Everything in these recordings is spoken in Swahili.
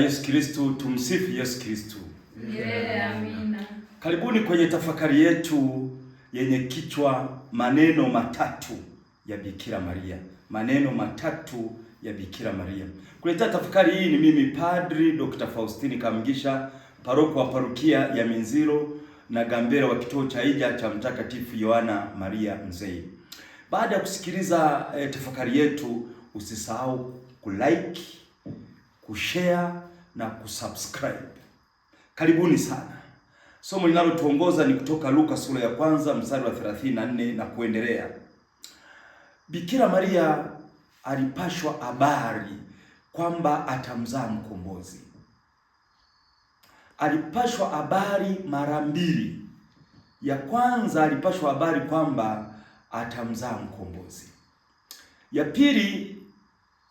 Yesu Kristu, tumsifu Yesu Kristu. Yeah, amina. Karibuni kwenye tafakari yetu yenye kichwa maneno matatu ya Bikira Maria, maneno matatu ya Bikira Maria. Kuletea tafakari hii ni mimi Padri Dr. Faustini Kamgisha, paroko wa parukia ya Minziro na Gambera wa kituo cha ija cha Mtakatifu Yohana Maria Mzee. Baada ya kusikiliza eh, tafakari yetu, usisahau kulike, kushare na kusubscribe. Karibuni sana. Somo linalotuongoza ni kutoka Luka sura ya kwanza mstari wa 34 na kuendelea. Bikira Maria alipashwa habari kwamba atamzaa mkombozi. Alipashwa habari mara mbili. Ya kwanza alipashwa habari kwamba atamzaa mkombozi. Ya pili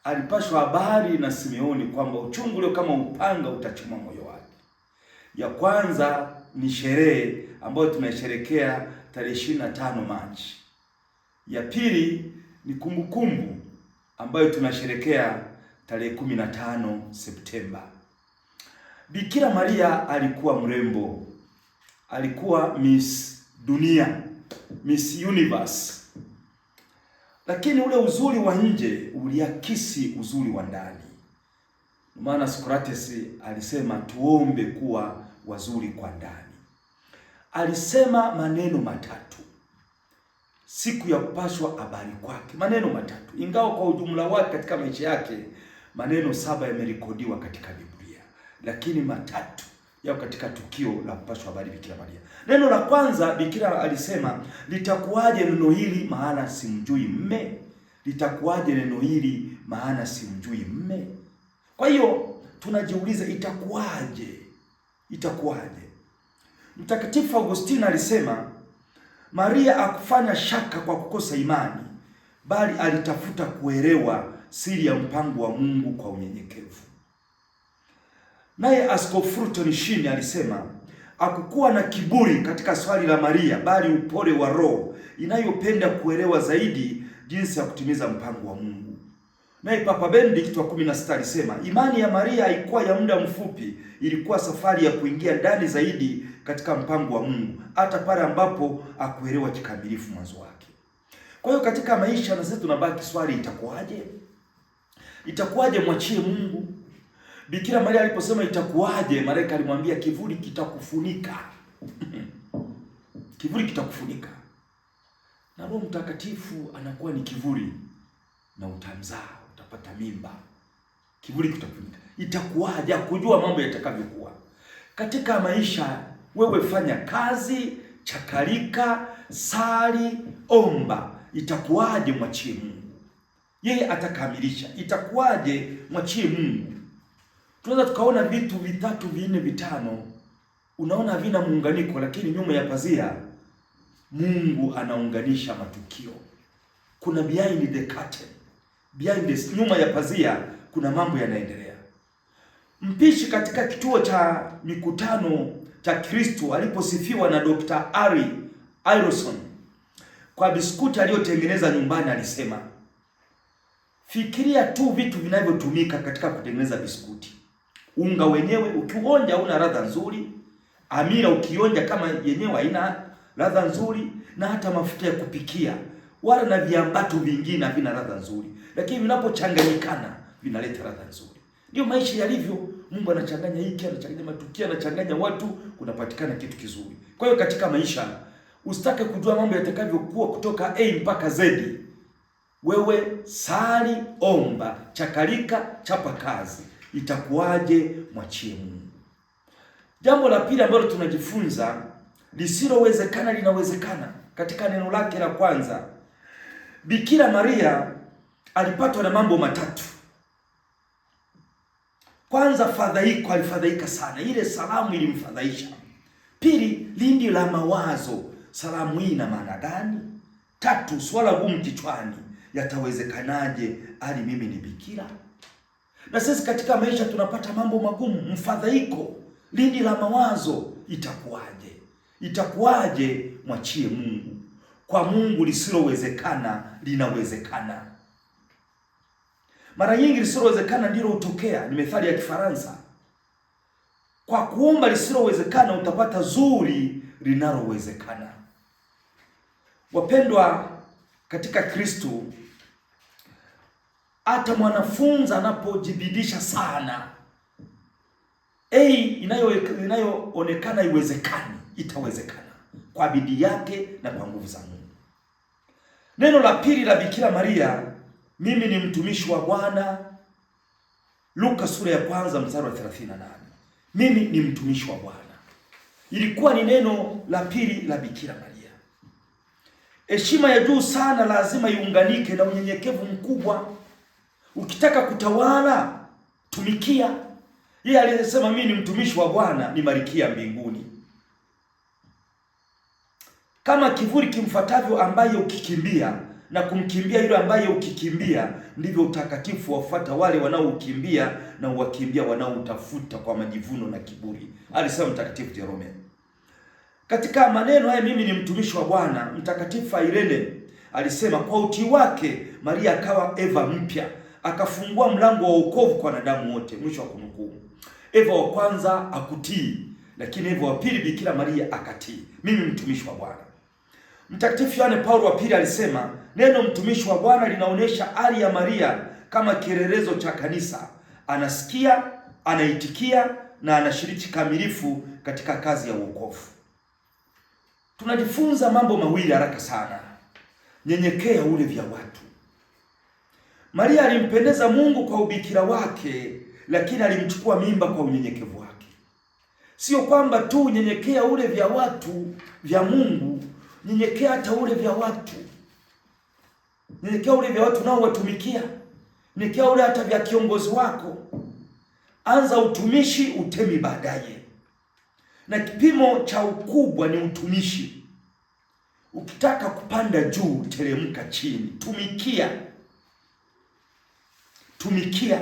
alipashwa habari na Simeoni kwamba uchungu ulio kama upanga utachoma moyo wake. Ya kwanza ni sherehe ambayo tunasherekea tarehe ishirini tano Machi. Ya pili ni kumbukumbu kumbu ambayo tunasherekea tarehe kumi tano Septemba. Bikira Maria alikuwa mrembo, alikuwa Miss Dunia, Miss Universe lakini ule uzuri wa nje uliakisi uzuri wa ndani. Maana Socrates alisema tuombe kuwa wazuri kwa ndani. Alisema maneno matatu siku ya kupashwa habari kwake, maneno matatu, ingawa kwa ujumla wake katika maisha yake maneno saba yamerekodiwa katika Biblia, lakini matatu yao katika tukio la kupashwa habari Bikira Maria. Neno la kwanza Bikira alisema, litakuwaje neno hili maana simjui mme? Litakuwaje neno hili maana simjui mme? Kwa hiyo tunajiuliza itakuwaje, itakuwaje? Mtakatifu Agustino alisema, Maria akufanya shaka kwa kukosa imani, bali alitafuta kuelewa siri ya mpango wa Mungu kwa unyenyekevu. Naye Askofu Fruto alisema hakukuwa na kiburi katika swali la Maria, bali upole wa roho inayopenda kuelewa zaidi jinsi ya kutimiza mpango wa Mungu. Naye Papa Benedict wa 16 alisema imani ya Maria haikuwa ya muda mfupi, ilikuwa safari ya kuingia ndani zaidi katika mpango wa Mungu, hata pale ambapo hakuelewa kikamilifu mwanzo wake. Kwa hiyo katika maisha na sisi tunabaki swali, itakuwaje? Itakuwaje mwachie Mungu? Bikira Maria aliposema itakuwaje, malaika alimwambia kivuli kitakufunika. Kivuli kitakufunika, na Roho Mtakatifu anakuwa ni kivuli, na utamzaa, utapata mimba. Kivuli kitakufunika. Itakuwaje? Kujua mambo yatakavyokuwa katika maisha. Wewe fanya kazi, chakalika, sali, omba. Itakuwaje? Mwachie Mungu, yeye atakamilisha. Itakuwaje? Mwachie Mungu tunaweza tukaona vitu vitatu vinne vitano, unaona vina muunganiko, lakini nyuma ya pazia Mungu anaunganisha matukio. Kuna behind the curtain, behind the, nyuma ya pazia kuna mambo yanaendelea. Mpishi katika kituo cha mikutano cha Kristo aliposifiwa na Dr. Ari Ironson kwa biskuti aliyotengeneza nyumbani, alisema fikiria tu vitu vinavyotumika katika kutengeneza biskuti unga wenyewe ukionja una ladha nzuri, amira ukionja kama yenyewe haina ladha nzuri, na hata mafuta ya kupikia wala na viambato vingine havina ladha nzuri, lakini vinapochanganyikana vinaleta ladha nzuri. Ndio maisha yalivyo. Mungu anachanganya hiki, anachanganya matukio, anachanganya watu, kunapatikana kitu kizuri. Kwa hiyo katika maisha usitake kujua mambo yatakavyokuwa kutoka A mpaka Z, wewe sali, omba, chakalika, chapa kazi itakuwaje? Mwachie Mungu. Jambo la pili ambalo tunajifunza, lisilowezekana linawezekana. Katika neno lake la kwanza, Bikira Maria alipatwa na mambo matatu. Kwanza, fadhaiko, alifadhaika sana, ile salamu ilimfadhaisha. Pili, lindi la mawazo, salamu hii ina maana gani? Tatu, swala gumu kichwani, yatawezekanaje hali mimi ni bikira? Na sisi katika maisha tunapata mambo magumu, mfadhaiko, lindi la mawazo. Itakuwaje? Itakuwaje? Mwachie Mungu. Kwa Mungu lisilowezekana linawezekana. Mara nyingi lisilowezekana ndilo hutokea. Ni methali ya Kifaransa. Kwa kuomba lisilowezekana utapata zuri linalowezekana. Wapendwa katika Kristo hata mwanafunzi anapojibidisha sana, A inayo inayoonekana iwezekani itawezekana kwa bidii yake na kwa nguvu za Mungu. Neno la pili la Bikira Maria, mimi ni mtumishi wa Bwana, Luka sura ya kwanza mstari wa 38. Mimi ni mtumishi wa Bwana ilikuwa ni neno la pili la Bikira Maria. Heshima ya juu sana lazima iunganike na unyenyekevu mkubwa Ukitaka kutawala tumikia. Yeye aliyesema mimi ni mtumishi wa Bwana ni malikia mbinguni. Kama kivuli kimfuatavyo ambaye ukikimbia na kumkimbia yule ambaye ukikimbia, ndivyo utakatifu wafuata wale wanaokimbia na uwakimbia wanaoutafuta kwa majivuno na kiburi, alisema Mtakatifu Jerome. Katika maneno haya, mimi ni mtumishi wa Bwana, Mtakatifu Irene alisema kwa utii wake Maria akawa Eva mpya akafungua mlango wa wokovu kwa wanadamu wote, mwisho wa kunukuu. Eva wa kwanza akutii, lakini Eva wa pili Bikira Maria akatii, mimi mtumishi wa Bwana. Mtakatifu Yohane Paulo wa pili alisema neno mtumishi wa Bwana linaonyesha hali ya Maria kama kielelezo cha kanisa, anasikia, anaitikia na anashiriki kamilifu katika kazi ya wokovu. Tunajifunza mambo mawili haraka sana: nyenyekea ule vya watu Maria alimpendeza Mungu kwa ubikira wake, lakini alimchukua mimba kwa unyenyekevu wake. Sio kwamba tu unyenyekea ule vya watu vya Mungu, nyenyekea hata ule vya watu, nyenyekea ule vya watu nao watumikia, nyenyekea ule hata vya kiongozi wako. Anza utumishi, utemi baadaye, na kipimo cha ukubwa ni utumishi. Ukitaka kupanda juu, teremka chini, tumikia tumikia.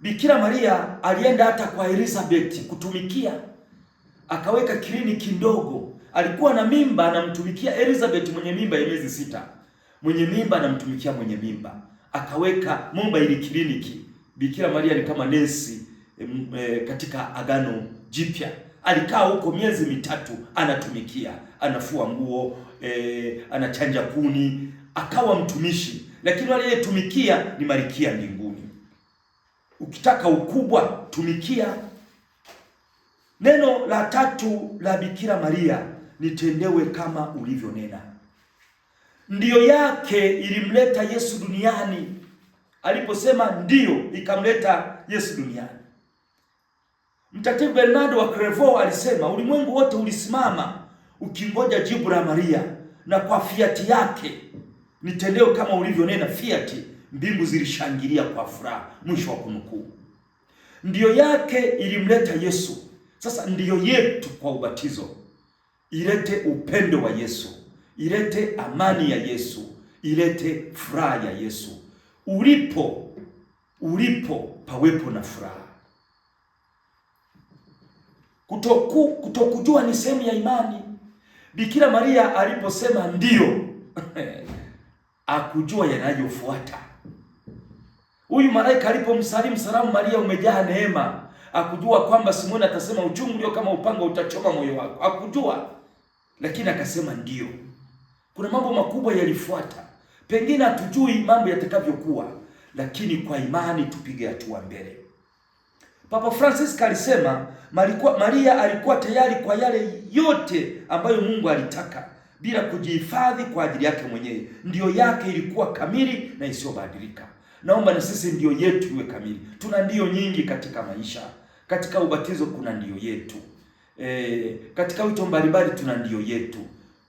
Bikira Maria alienda hata kwa Elizabeth kutumikia, akaweka kliniki ndogo. Alikuwa na mimba, anamtumikia Elizabeth mwenye mimba ya miezi sita, mwenye mimba anamtumikia mwenye mimba, akaweka mumba ili kliniki. Bikira Maria ni kama nesi e, katika Agano Jipya alikaa huko miezi mitatu anatumikia, anafua nguo e, anachanja kuni, akawa mtumishi lakini aliyetumikia ni malikia mbinguni. Ukitaka ukubwa, tumikia. Neno la tatu la Bikira Maria, nitendewe kama ulivyonena. Ndiyo yake ilimleta Yesu duniani. Aliposema ndiyo, ikamleta Yesu duniani. Mtakatifu Bernardo wa Clairvaux alisema ulimwengu wote ulisimama ukingoja jibu la Maria, na kwa fiati yake Nitendeo kama ulivyonena, fiat, mbingu zilishangilia kwa furaha. Mwisho wa kunukuu. Ndiyo yake ilimleta Yesu. Sasa ndiyo yetu kwa ubatizo ilete upendo wa Yesu, ilete amani ya Yesu, ilete furaha ya Yesu. Ulipo ulipo pawepo na furaha. Kutoku kutokujua ni sehemu ya imani. Bikira Maria aliposema ndiyo akujua yanayofuata. Huyu malaika alipomsalimu salamu Maria, umejaa neema, akujua kwamba Simoni atasema uchungu ulio kama upanga utachoma moyo wako, akujua lakini akasema ndiyo. Kuna mambo makubwa yalifuata, pengine hatujui mambo yatakavyokuwa, lakini kwa imani tupige hatua mbele. Papa Francis alisema Maria alikuwa tayari kwa yale yote ambayo Mungu alitaka bila kujihifadhi kwa ajili yake mwenyewe. Ndiyo yake ilikuwa kamili na isiyobadilika. Naomba na sisi ndio yetu iwe kamili. Tuna ndiyo nyingi katika maisha. Katika ubatizo kuna ndiyo yetu. E, katika wito mbalimbali tuna ndiyo yetu.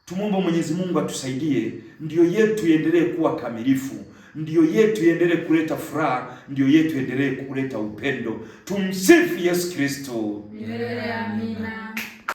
Tumwombe Mwenyezi Mungu atusaidie ndiyo yetu iendelee kuwa kamilifu, ndio yetu iendelee kuleta furaha, ndio yetu iendelee kuleta upendo. Tumsifu Yesu Kristo. Yeah, amina.